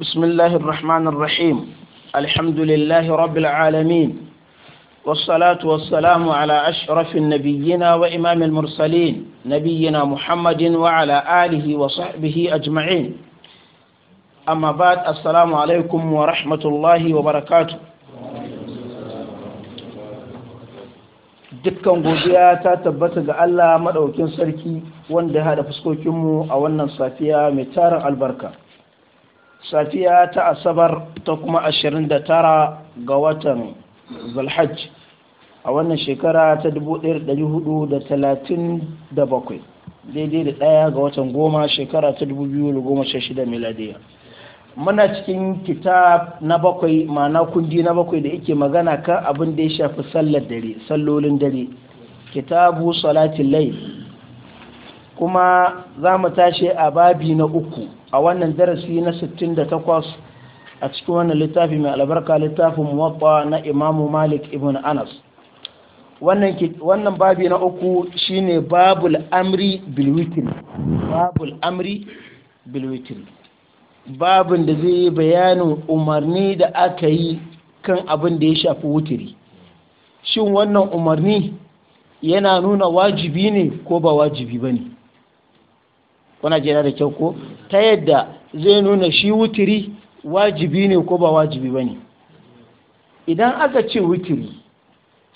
بسم الله الرحمن الرحيم الحمد لله رب العالمين والصلاة والسلام على أشرف النبيين وإمام المرسلين نبينا محمد وعلى آله وصحبه أجمعين أما بعد السلام عليكم ورحمة الله وبركاته dukkan godiya ta tabbata ga Allah maɗaukin sarki wanda haɗa fuskokinmu a wannan safiya mai tarin albarka safiya ta asabar ta kuma 29 ga watan zulhajj a wannan shekara ta 1437 daidai da ɗaya ga watan goma shekara ta 2016 miladiya muna cikin kitab na bakwai ma'ana kundi na bakwai da yake magana kan abin da ya shafi sallar dare sallolin dare kitabu salatin Lai. kuma za mu tashi a babi na uku a wannan darasi na 68 a cikin wannan littafi mai albarka littafin muwatta na imamu malik ibn anas wannan babi na uku shine babul amri witr babul amri witr babin da zai yi bayanin umarni da aka yi kan abin da ya shafi wutiri shin wannan umarni yana nuna wajibi ne ko ba wajibi ba ne kuna jira da kyau ko ta yadda zai nuna shi wutiri wajibi ne ko ba wajibi ba ne idan aka ce wutiri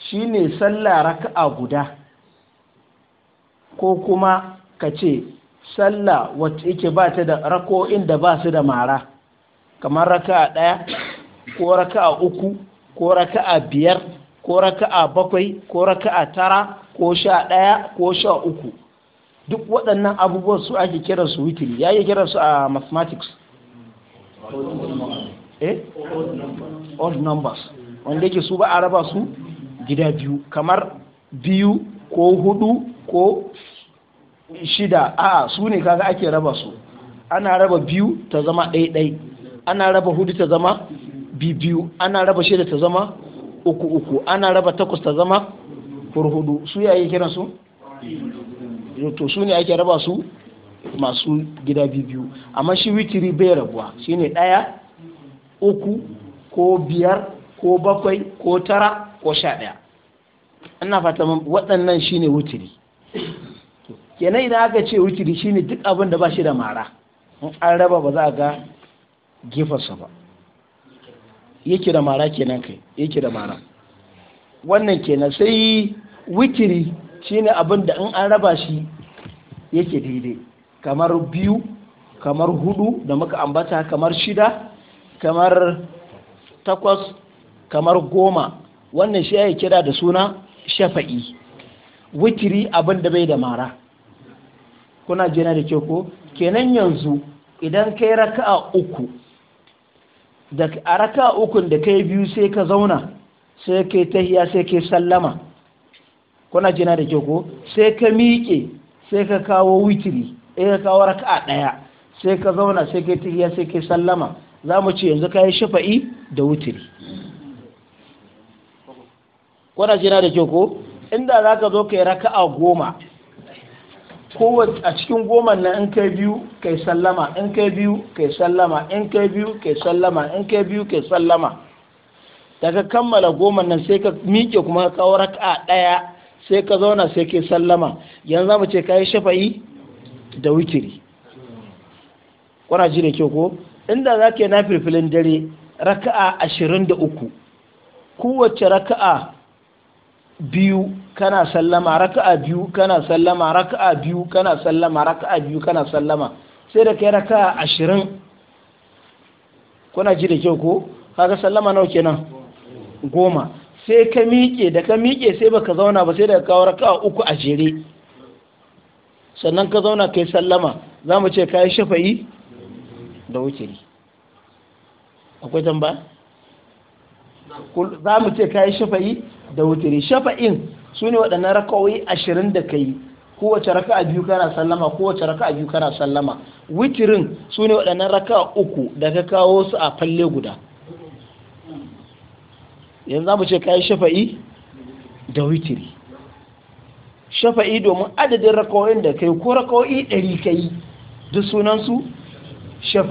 shi ne sallah raka'a guda ko kuma ka ce sallah wacce yake ba ta da rako'in inda ba su da mara kamar raka'a ɗaya ko raka'a uku ko raka'a biyar ko raka'a bakwai ko raka'a tara ko sha ɗaya ko sha uku duk waɗannan abubuwan su ake kira su witiri ya yi kira su a mathematics eh? Old numbers wanda yake su ba a raba su gida biyu kamar biyu ko hudu ko shida a su ne kaga ake raba su ana raba biyu ta zama ɗaiɗai ana raba hudu ta zama biyu ana raba shida ta zama uku uku ana raba takwas ta zama hurhudu su yaye kiran su to su ne ake raba su masu gida biyu amma shi witiri bai rabuwa shine ɗaya uku ko biyar ko bakwai ko tara ko sha ɗaya ina fata waɗannan shine witiri kenan idan aka ce witiri shine duk abin da ba shi da mara an raba ba za a ga gefarsa ba yake da mara kenan kai yake da mara wannan kenan sai witiri shine abin da in an raba shi yake daidai kamar biyu kamar hudu da muka ambata kamar shida kamar takwas kamar goma wannan shi ya kira da suna shafa'i witiri abin da bai da mara kuna jina da ke ko kenan yanzu idan kai raka'a uku da a raka'a ukun da kai biyu sai ka zauna sai kai tahiya sai kai sallama kuna jina da ke ko sai ka miƙe sai ka kawo witiri sai ka kawo raka'a ɗaya sai ka zauna sai ka tiriya sai ka sallama za mu ce yanzu ka yi shafa'i da witiri kuna jina da ke ko inda za ka zo ka yi raka'a goma ko a cikin goma na in kai biyu kai sallama in kai biyu kai sallama in kai biyu kai sallama in kai biyu kai sallama daga kammala goma nan sai ka miƙe kuma ka kawo raka'a ɗaya sai ka zauna sai ke sallama yanzu za mu ce ka yi shafa'i da wikiri kwana ji da kyau ko inda za ke na filfilin dare raka'a ashirin da uku kowace raka'a biyu kana sallama raka'a biyu kana sallama raka'a biyu kana sallama raka'a biyu kana sallama sai da kai raka'a ashirin kuna ji da kyau ko kaga sallama nawa kenan goma sai ka miƙe da ka miƙe sai baka zauna ba sai daga kawo raka'a uku a jere sannan ka zauna kai sallama za mu ce kayi shafa'i da wukiri akwai tamba za mu ce kayi shafa'i da wukiri shafa'in su ne waɗannan raka'o'i ashirin da ka yi kowace raka'a biyu kana sallama kowace raka'a biyu kana sallama wikirin su ne waɗannan raka'a uku da ka kawo su a falle guda yanzu za mu ce kayi shafa'i da witiri shafa'i domin adadin rakawoyin da kai ko rakawoyi ɗari kai duk sunansu shafa'i